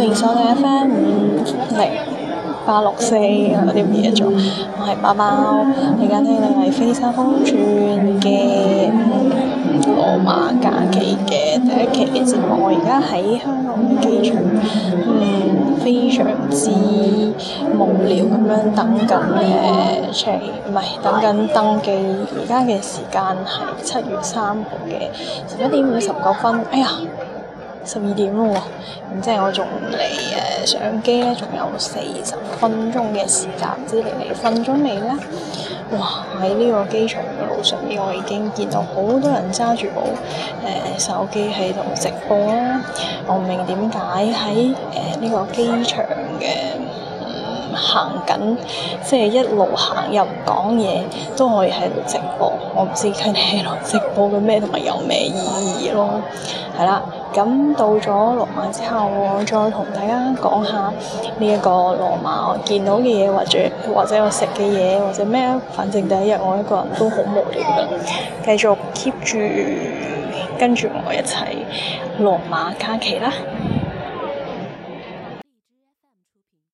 歡迎收睇 FM 五零八六四有啲嘢做，我係包包，而家聽嘅係飛沙風傳嘅《羅馬假期》嘅第一期嘅節目。我而家喺香港機場，嗯，非常之無聊咁樣等緊嘅，即係唔係等緊登機。而家嘅時間係七月三號嘅十一點五十九分。哎呀！十二點咯喎，然之後我仲嚟誒上機咧，仲有四十分鐘嘅時間，唔知你哋瞓咗未咧？哇！喺呢個機場嘅路上面，我已經見到好多人揸住部誒手機喺度直播啦，啊。我唔明點解喺誒呢個機場嘅行緊，即係一路行又唔講嘢，都可以喺度直播。我唔知佢哋喺度直播嘅咩，同埋有咩意義咯？係啦。咁到咗羅馬之後，我再同大家講下呢一個羅馬我見到嘅嘢，或者或者我食嘅嘢，或者咩？反正第一日我一個人都好無聊嘅，繼續 keep 住跟住我一齊羅馬假期啦～